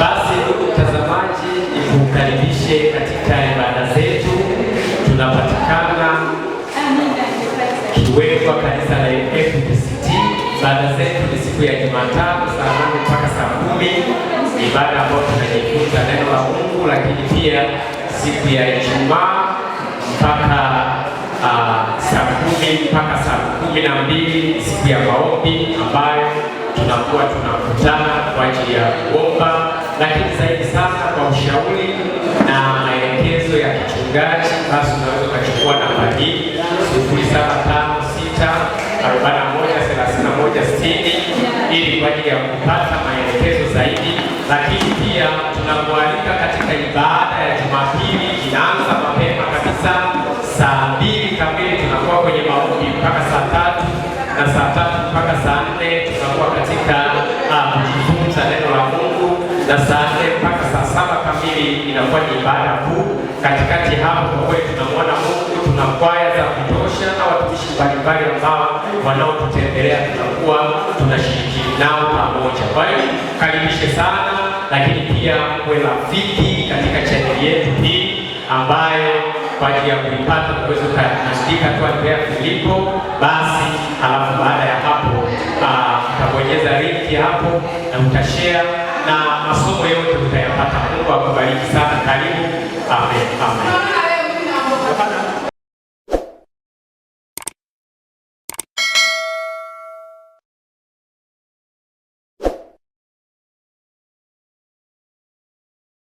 Basi ndugu mtazamaji, nikukaribishe katika ibada zetu. Tunapatikana Kiwekwa, kanisa la FPCT. Ibada zetu ni siku ya Jumatano saa nane mpaka saa kumi, ibada ambayo tunajifunza neno la Mungu, lakini pia siku ya Ijumaa mpaka uh, saa kumi mpaka saa kumi na mbili siku ya maombi ambayo tunakuwa tunakutana kwa ajili ya kuomba lakini zaidi sasa kwa ushauri na maelekezo ya kichungaji, basi unaweza ukachukua namba hii sufuri saba tano sita arobaini na moja thelathini na moja sitini ili kwa ajili ya kupata maelekezo zaidi, lakini pia tunakualika katika ibada ya Jumapili, inaanza mapema kabisa saa mbili kamili, tunakuwa kwenye maombi mpaka saa tatu na saa tatu mpaka saa nne tunakuwa katika uh, na saa nne mpaka saa saba kamili inakuwa ni ibada kuu. Katikati hapo kwa kweli tunamwona Mungu, tuna kwaya za kutosha na watumishi mbalimbali ambao wanaotutembelea tunakuwa tunashiriki nao pamoja. Kwa hiyo karibishe sana, lakini pia kuwe rafiki katika chaneli yetu hii ambayo kwa ajili ya kuipata kuweza kuandika tu Andrea Filipo basi, halafu baada ya hapo ah, utabonyeza linki hapo na utashare na masomo yote utayapata. Mungu akubariki sana. Karibu. Amen. Amen.